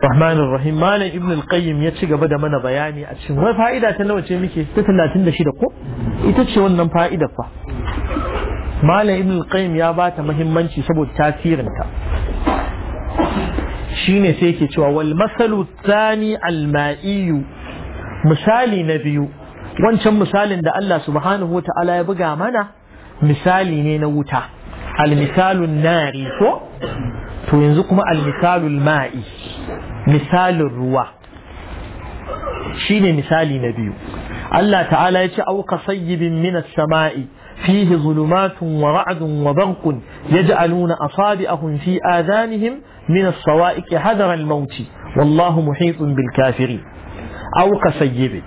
Rahman Rahim Malam Ibn al-Qayyim ya ci gaba da mana bayani a cikin wai fa'ida ta nawa ce muke ta 36 ko ita ce wannan fa'ida fa Malam Ibn al-Qayyim ya ba ta muhimmanci saboda ta shine sai yake cewa wal masalu thani al-ma'iyu misali na biyu wancan misalin da Allah subhanahu wa ta'ala ya buga mana misali ne na wuta al-misalun nari ko to yanzu kuma al-misalul ma'i مثال الرواة شيني مثالي نبيه الله تعالى يتي أو كصيب من السماء فيه ظلمات ورعد وبرق يجعلون أصابئهم في آذانهم من الصوائك حذر الموت والله محيط بالكافرين أو كصيب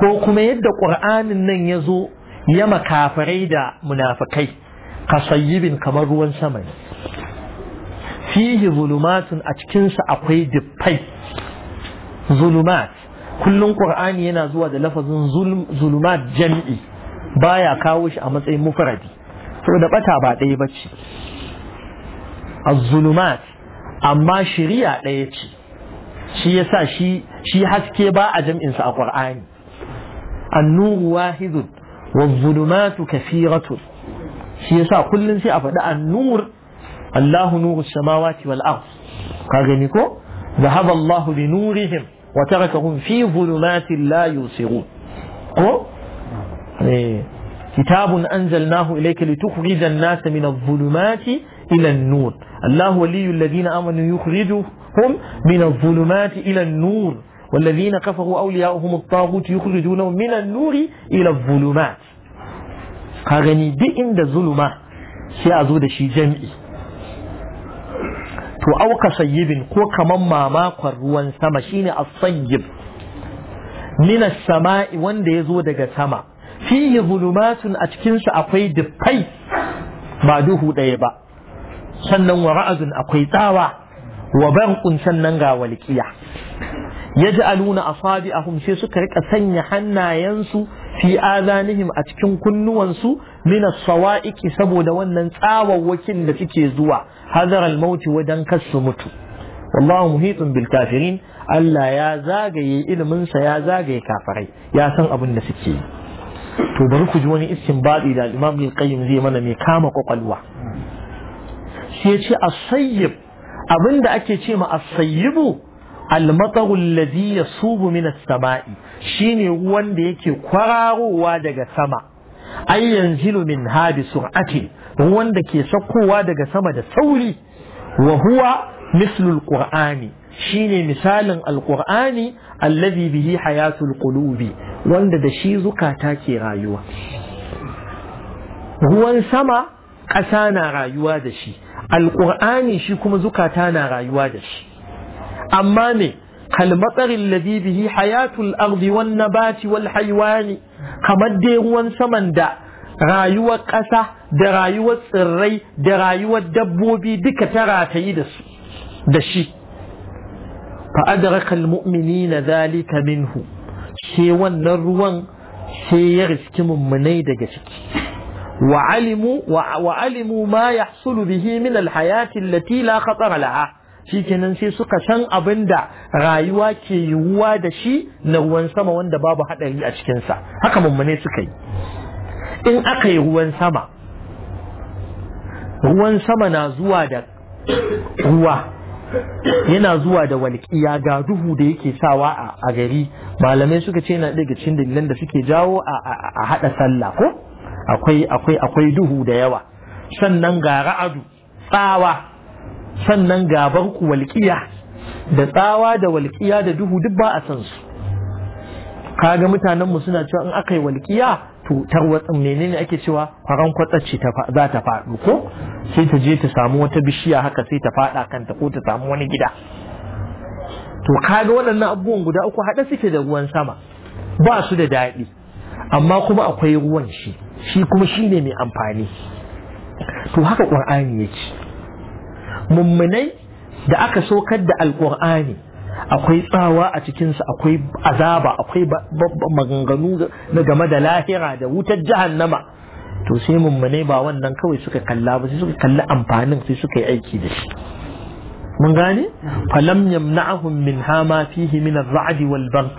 كوكما يد قرآن من يزو يما كافري دا منافقي كصيب كمروا سمين fihi zulumatun a cikinsa akwai diffai zulumat kullum qur'ani yana zuwa da lafazin zulumat jam'i baya kawo shi a matsayin mufaradi saboda bata ba ɗaya bace A zulumat amma shari'a ɗaya ce shi ya sa shi haske ba a jam'insa a kur'ani. annuru nuru wahidun wa zulumatu kathiratun shi yasa kullum sai a faɗi an-nur الله نور السماوات والأرض قال نيكو ذهب الله بنورهم وتركهم في ظلمات لا يبصرون يعني كتاب أنزلناه إليك لتخرج الناس من الظلمات إلى النور الله ولي الذين آمنوا يخرجهم من الظلمات إلى النور والذين كفروا أولياؤهم الطاغوت يخرجونهم من النور إلى الظلمات قال gani duk سيأذود zuluma sai to auka sayyibin ko kaman mamakon ruwan sama shine as-sayyib mina samai wanda ya zo daga sama fihi zulumatun a cikin akwai dufai ba duhu ɗaya ba sannan wa ra'azun akwai tsawa wa barqun sannan ga walqiya yaj'aluna asabi'ahum sai suka rika sanya hannayensu fi azanihim a cikin kunnuwansu min as-sawa'iqi saboda wannan tsawawwakin da suke zuwa hadar mauti wajen wadan kasu mutu wallahu muhitun bil kafirin Allah ya zagaye ilimin sa ya zagaye kafirai ya san abin da suke yi to bari ku ji wani istinbadi da Imam Ibn Qayyim zai mana mai kama kwakwalwa shi ya ce as-sayyib abinda ake ce ma as-sayyibu المطر الذي يصوب من السماء شيني ruwan da yake kwararowa daga sama ay yanzilu min hadi sur'ati ruwan da ke sakkowa daga sama da sauri wa mislul mislu alqur'ani shine misalin alqur'ani alladhi bihi hayatul qulubi wanda da shi zukata ke rayuwa ruwan sama ƙasa na rayuwa da shi alqur'ani shi kuma zukata na rayuwa da shi amma ne kalmatsarin ladhi bihi hayatul ardi wan nabati wal haywani kamar dai ruwan saman da rayuwar ƙasa da rayuwar tsirrai da rayuwar dabbobi duka ta ratayi da su da shi فأدرك المؤمنين ذلك منه شي wannan ruwan sai ya riski mummunai daga ciki wa alimu wa alimu ma yahsulu bihi min alhayati allati la khatara laha shikenan sai suka san abin da rayuwa ke yiwuwa da shi na ruwan sama wanda babu haɗari a cikinsa haka mummune suka yi in aka yi ruwan sama ruwan sama na zuwa da ruwa yana zuwa da walƙiya ga duhu da yake sawa a gari malamai suka ce na daga cikin dalilan da suke jawo a haɗa sallah ko akwai akwai duhu da yawa sannan ga adu tsawa sannan gabar ku walƙiya da tsawa da walƙiya da duhu duk ba a san su kaga mutanen mu suna cewa in aka yi walƙiya to tarwatsin menene ake cewa faran ce za ta faɗo ko sai ta je ta samu wata bishiya haka sai ta faɗa kanta ko ta samu wani gida to kaga waɗannan abubuwan guda uku haɗa suke da ruwan sama ba su da daɗi amma kuma akwai ruwan shi shi kuma shi ne mai amfani to haka ƙur'ani ya ce mummunai da aka sokar da alƙur'ani akwai tsawa a cikinsa akwai azaba akwai maganganu na game da lahira da wutar jahannama to sai mummunai ba wannan kawai suka kalla ba sai suka kalla amfanin sai suka yi aiki da shi mun gane falam yamna'ahum min hama fihi min ar-ra'd wal barq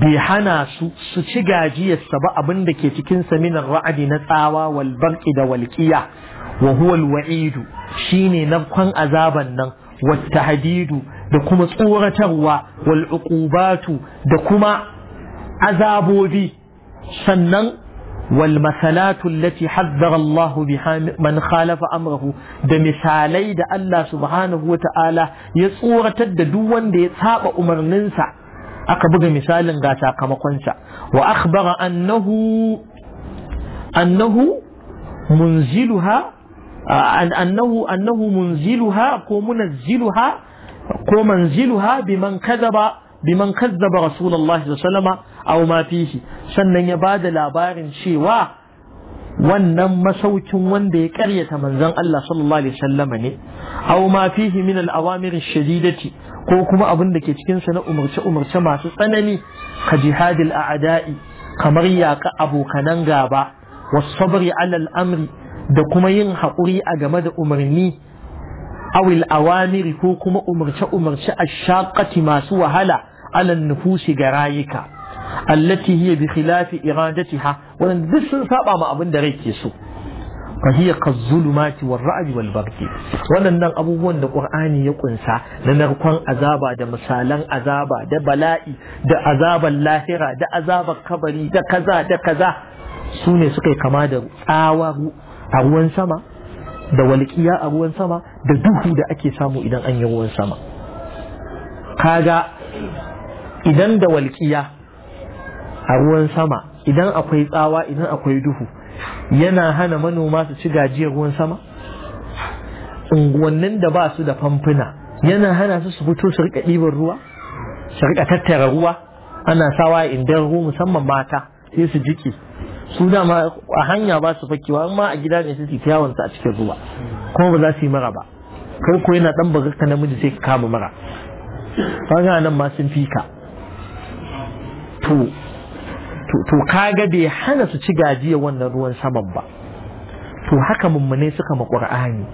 bi hana su su ci gajiyarsa ba abin da ke cikin sa min ar-ra'd na tsawa wal barq da walqiya wa huwa waidu shine nafkan azaban nan wa tahdidu da kuma tsoratarwa wal uqubatu da kuma azabobi sannan wal masalatu allati haddara Allah biha man khalafa amrahu da misalai da Allah subhanahu wa ta'ala ya tsoratar da duk wanda ya saba umarninsa aka buga misalin ga sakamakonsa wa akhbara annahu annahu munziluha annahu annahu munziluha ko munazziluha ko manziluha biman kadaba biman kazzaba rasulullahi sallallahu alaihi sannan ya da labarin cewa wannan masaukin wanda ya karyata manzon Allah sallallahu alaihi wasallama ne aw ma fihi min al-awamir shadidati ko kuma abin da ke cikin sa na umarce umarce masu tsanani ka jihadil a'da'i kamar yaka abokanan gaba was sabri ala al-amri da kuma yin haƙuri a game da umarni awil awamiri ko kuma umarce-umarce a shaƙati masu wahala alan nufusi ga rayuka allati hiya bi khilafi iradatiha wannan duk sun saba ma abin da rai ke so fa hiya kazzulumati war ra'd wal barqi wannan abubuwan da qur'ani ya kunsa na narkon azaba da misalan azaba da bala'i da azaban lahira da azabar kabari da kaza da kaza su ne suka yi kama da tsawa a ruwan sama da walƙiya a ruwan sama da duhu da ake samu idan an yi ruwan sama kaga idan da walƙiya a ruwan sama idan akwai tsawa idan akwai duhu yana hana manoma su ci gajiyar ruwan sama unguwannin da ba su da famfuna yana hana su su fito su rika ɗiban ruwa su rika tattara ruwa ana sawa inda ruwa musamman mata sai su jiki su dama a hanya ba su fakewa amma a gida ne yawon su a cikin ruwa kuma ba za su yi mara ba kai ko yana dan bagarka namiji sai ka kama mara ga nan ma sun fika to to kaga bai hana su ci gajiya wannan ruwan saman ba to haka mummune suka ma qur'ani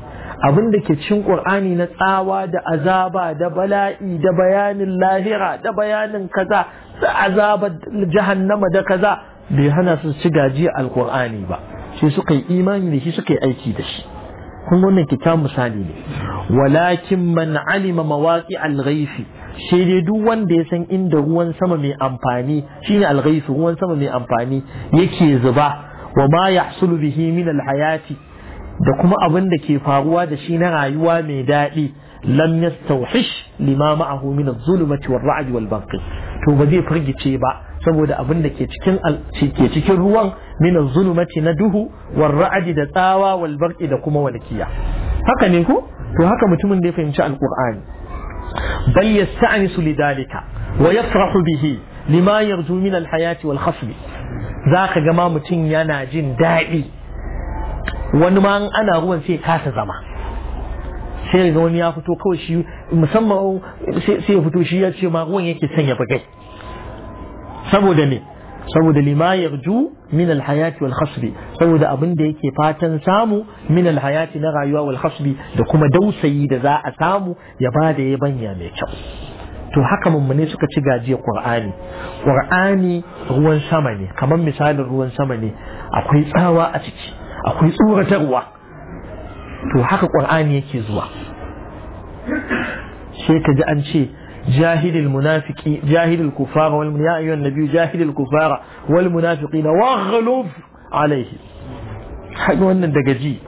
abin da ke cin qur'ani na tsawa da azaba da bala'i da bayanin lahira da bayanin kaza da azabar jahannama da kaza bai hana su ci gaji alkur'ani ba sai suka yi imani da shi suka yi aiki da shi kun wannan kyakkyawan misali ne walakin man alima mawaki alghaifi sai dai duk wanda ya san inda ruwan sama mai amfani shine alghaifi ruwan sama mai amfani yake zuba wa ma yahsulu bihi min alhayati da kuma abin da ke faruwa da shi na rayuwa mai daɗi lam yastawhish lima ma'ahu min adh-dhulumati war-ra'd wal to ba zai firgice ba saboda abin da ke cikin ke cikin ruwan min zulumati na duhu wal ra'adi da tsawa wal barqi da kuma walkiya haka ne ko to haka mutumin da ya fahimci alqur'ani bal yasta'nisu lidalika wa yafrahu bihi lima yarju min al wal khasb zaka ga ma mutum yana jin daɗi wani ma ana ruwan sai kasa zama sai ga wani ya fito kawai shi musamman sai ya fito shi ya ce ma ruwan yake sanya ya gai. saboda me saboda lima yarju min alhayati wal khasbi saboda abin da yake fatan samu min alhayati na rayuwa wal khasbi da kuma dausayi da za a samu ya bada banya mai kyau to haka mummune suka ci gajiyar qur'ani qur'ani ruwan sama ne kamar misalin ruwan sama ne akwai tsawa a ciki akwai tsoratarwa to haka qur'ani yake zuwa sai ka ji an ce جاهد المنافقين جاهد الكفار يا أيها النبي جاهد الكفار والمنافقين واغلظ عليهم حيث أن الدجاجي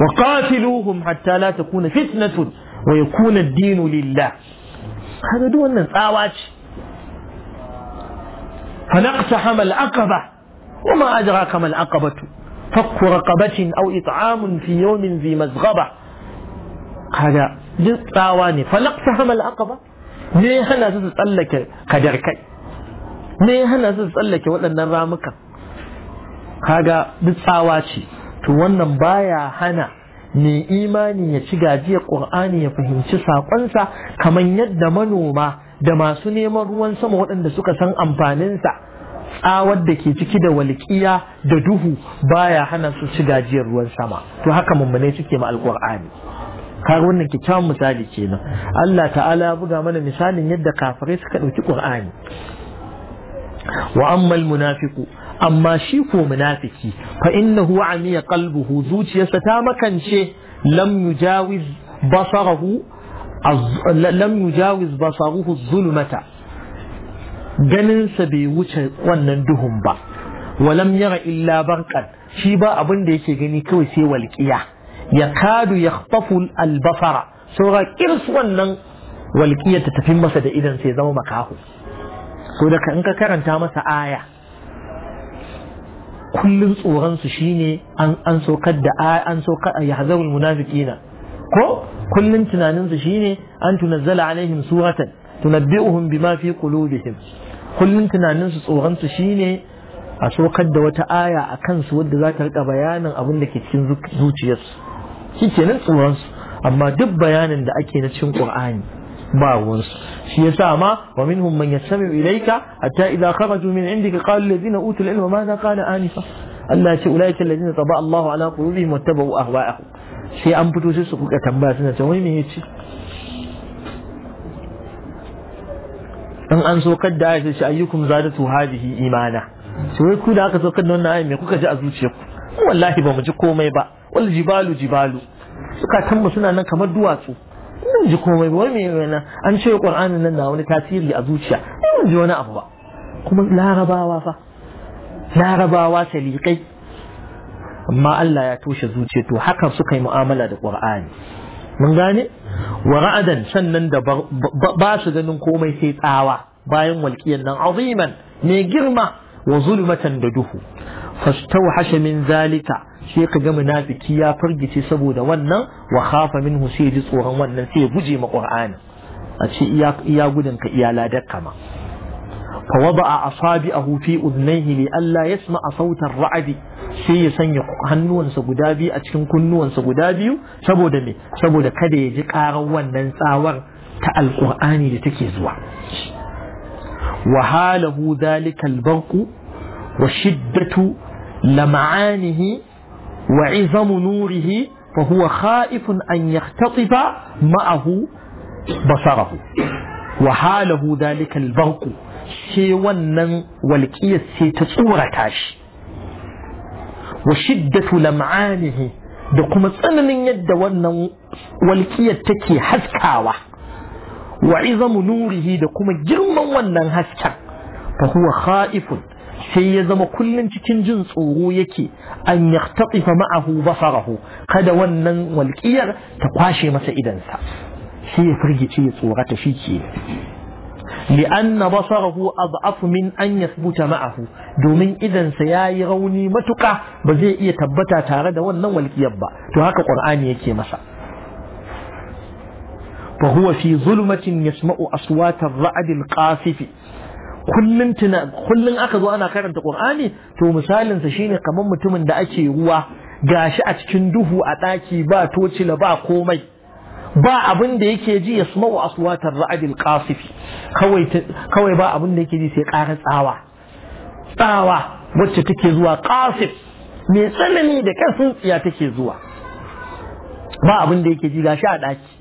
وقاتلوهم حتى لا تكون فتنة ويكون الدين لله هذا أن تساواج فنقتحم العقبة وما أدراك ما العقبة فك رقبة أو إطعام في يوم ذي مزغبة هذا duk tsawa ne falak me ya hana su su tsallake kadarkai me ya hana su su tsallake waɗannan ramukan kaga duk tsawa ce to wannan baya hana ne imani ya ci gajiyar ƙur'ani ya fahimci saƙonsa kamar yadda manoma da masu neman ruwan sama waɗanda suka san amfaninsa tsawar da ke ciki da walƙiya da duhu baya hana su ci gajiyar ruwan sama to haka mummune suke ma alƙur'ani kaga wannan kyakkyawan misali kenan Allah ta'ala ya buga mana misalin yadda kafirai suka ɗauki Qur'ani wa ammal munafiqu amma shi ko munafiki fa innahu amiya qalbuhu zuciyarsa ta makance lam yujawiz basarahu lam yujawiz basaruhu zulmata ganinsa bai wuce wannan duhun ba walam yara illa barkan shi ba abin da yake gani kawai sai walƙiya ya kadu ya kfafu albasara saura kirs wannan walƙiyar ta tafi masa da idan sai zama makaho so daga in ka karanta masa aya kullum tsoronsu shine an an sokar da aya ya hazarul munafiqina ko kullum tunaninsu shine an tunazzala alaihim suratan tunabbi'uhum bima fi qulubihim kullum tunaninsu tsoronsu shine a sokar da wata aya a kansu wadda za ta riƙa bayanin abin da ke cikin zuciyarsu shi kenan tsoronsu amma duk bayanin da ake na cin qur'ani ba ruwansu shi ya sa ma wa minhum man yastami ilayka hatta idza kharaju min indika qalu alladhina utul ilma madha qala anifa Allah ce ulaika alladhina taba Allahu ala qulubihim wattaba'u ahwa'ahum sai an fito sai su kuka tambaya suna ce wai me yace in an so kadda ya ce ayyukum zadatu hadhihi imana sai ku da aka so kadda wannan ayi me kuka ji a zuciyarku wallahi ba mu ji komai ba wal jibalu jibalu suka tamba suna nan kamar duwatsu ban ji komai ba wai me an ce qur'anin nan na wani tasiri a zuciya ban ji wani abu ba kuma larabawa fa larabawa saliqai amma Allah ya toshe zuciya to haka suka yi mu'amala da qur'ani mun gane wa ra'adan sannan da ba su ganin komai sai tsawa bayan walƙiyar nan aziman me girma wa zulmatan da duhu فاستوحش من ذلك شيء كذا منافقي يا فرجي سبوا دوانا وخاف منه سيد صوره وانا سيد بجي ما قرآن أشي يا يا قدنك يا لا دكما فوضع أصابعه في أذنيه لئلا يسمع صوت الرعد شيء سنيق هنون سبودابي أشكن كنون سبودابيو سبودا مي سبودا كده يجيك أروان ننساور كالقرآن لتكيزوا وحاله ذلك البرق والشدة لمعانه وعظم نوره فهو خائف أن يختطف معه بصره وحاله ذلك البرق سيوانا والكية ستصور تاش وشدة لمعانه دقم الصنم يد والكيس تكي حسكاوة وعظم نوره دقم جرم ونن حسكا فهو خائف sai ya zama kullum cikin jin tsoro yake an yaktaqifa ma'ahu basarahu kada wannan walƙiyar ta kwashe masa idansa sai ya firgice ya tsorata shi ke li'anna basarahu a min an yathbuta ma'ahu domin idansa yayi rauni matuka ba zai iya tabbata tare da wannan walƙiyar ba to haka ƙur'ani yake masa fa huwa fi zulmatin yasma'u aswata ar qasifi kullun tuna kullun aka zo ana karanta Qur'ani to misalin sa shine kamar mutumin da ake ruwa gashi a cikin duhu a daki ba tocila ba komai ba abin da yake ji wa aswatar ra'adil qasif kawai kawai ba abin da yake ji sai ƙara tsawa tsawa wacce take zuwa qasif mai tsanani da kasin tsiya take zuwa ba abin da yake ji gashi a daki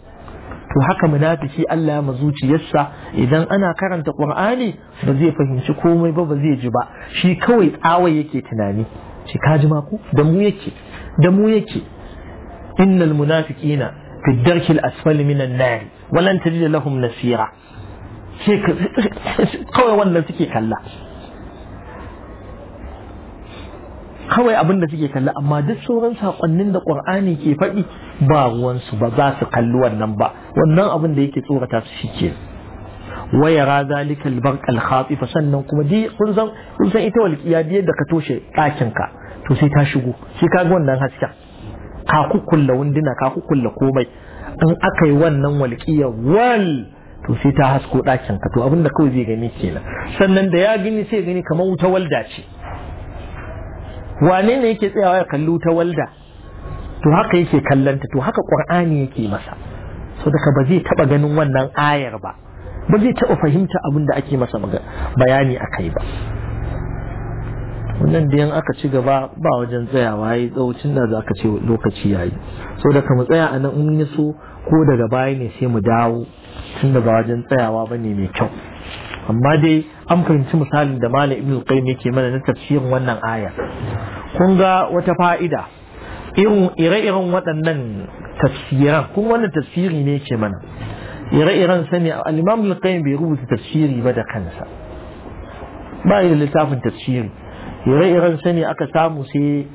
to haka mu shi Allah ya zuciyarsa idan ana karanta Qur'ani ba zai fahimci komai ba ba zai ji ba shi kawai tsawai yake tunani shi ka ji ku da mu yake da mu yake innal munafiqina fi darki al-asfali min an nar walan tajid lahum nasira kawai wannan suke kalla kawai abin da suke kalli amma duk sauran sakonnin da qur'ani ke faɗi ba ruwansu ba za su kalli wannan ba wannan abin da yake tsorata su shike wa yara zalika albarq fa sannan kuma di kun san kun san ita walqiya biyar da ka toshe ɗakin ka to sai ta shigo shi ka ga wannan hasken ka kukkulla wunduna ka kukkulla komai in aka yi wannan walƙiyar wal to sai ta hasko ɗakin ka to abin da kawai zai gani kenan sannan da ya gani sai gani kamar wuta walda ce wane ne yake tsayawa ya kallo ta walda to haka yake kallanta to haka qur'ani yake masa so daga ba zai taba ganin wannan ayar ba ba zai taba fahimta abin da ake masa bayani akai ba wannan da aka ci gaba ba wajen tsayawa yayi tsawocin da za ka ce lokaci yayi so daga mu tsaya a nan in yi so ko daga baya ne sai mu dawo tunda ba wajen tsayawa bane mai kyau amma dai an fahimci misalin da malam ibn qayyim yake mana na tafsirin wannan aya kun ga wata fa'ida irin ire-iren waɗannan tafsiran kun wannan tafsiri ne yake mana ire-iren sani al-imam al-qayyim bai rubuta tafsiri ba da kansa ba da littafin tafsiri ire-iren sani aka samu sai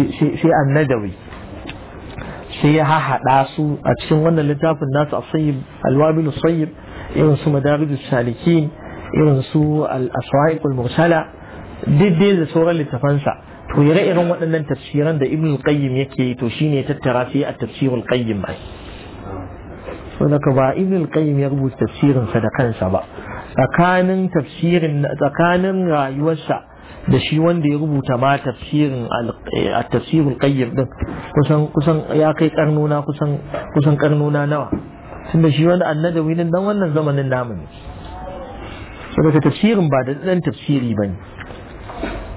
an annadawi sai ya hahaɗa su a cikin wannan littafin nasu a sayyib alwabil sayyib irin su madarijus salikin irin su al al mursala diddai da sauran littafansa to ire irin waɗannan tafsiran da ibn qayyim yake to shine tattara sai a tafsirul qayyim ai so daga ba ibn qayyim ya rubuta tafsirin sa da kansa ba tsakanin tafsirin tsakanin rayuwarsa da shi wanda ya rubuta ma tafsirin a eh, tafsirul qayyim din kusan kusan ya kai karnuna kusan kusan karnuna nawa tunda shi wanda annadawi nan dan wannan zamanin namu ne saboda tafsirin ba da ɗan tafsiri ba ne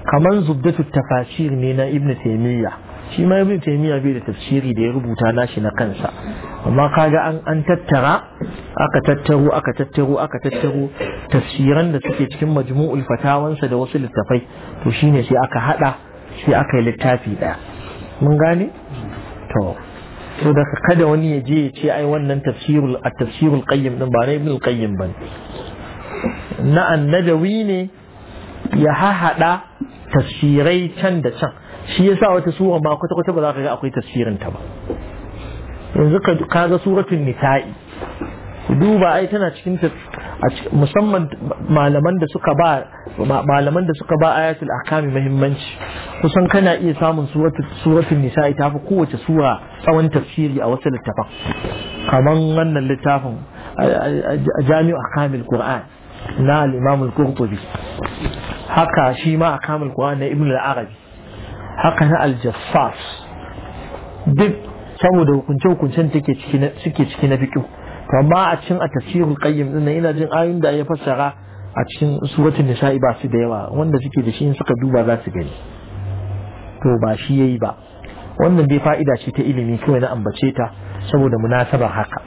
kamar zubdatu tafasir ne na ibn taimiyya shi ma ibn taimiyya bai da tafsiri da ya rubuta nashi na kansa amma kaga an an tattara aka tattaro aka tattaro aka tattaro tafsiran da suke cikin majmu'ul fatawansa da wasu littafai to shine sai aka hada sai aka yi littafi daya mun gane to to da kada wani ya je ya ce ai wannan tafsirul at-tafsirul qayyim din ba na ibn al-qayyim bane na annajawi ne ya hahada tafsirai can da can shi yasa wata sura ma kwata kwata ba za ka ga akwai tafsirin ta ba yanzu ka ga suratul nisa'i duba ai tana cikin musamman malaman da suka ba malaman da suka ba ayatul ahkami muhimmanci kusan kana iya samun suratul nisa'i ta fi kowace sura tsawon tafsiri a wasu littafan kamar wannan littafin jami'u ahkamil qur'an na al-imam haka shi ma a kamar qur'an na ibn al’arabi arabi haka na al duk saboda hukunce hukuncen take suke ciki na fiqh to a cikin a tafsirul qayyim ina jin ayin da ya fassara a cikin suratun nisa'i ba su da yawa wanda suke da shi in suka duba za su gani to ba shi yayi ba wannan dai fa'ida ce ta ilimi kawai na ambace ta saboda munasabar haka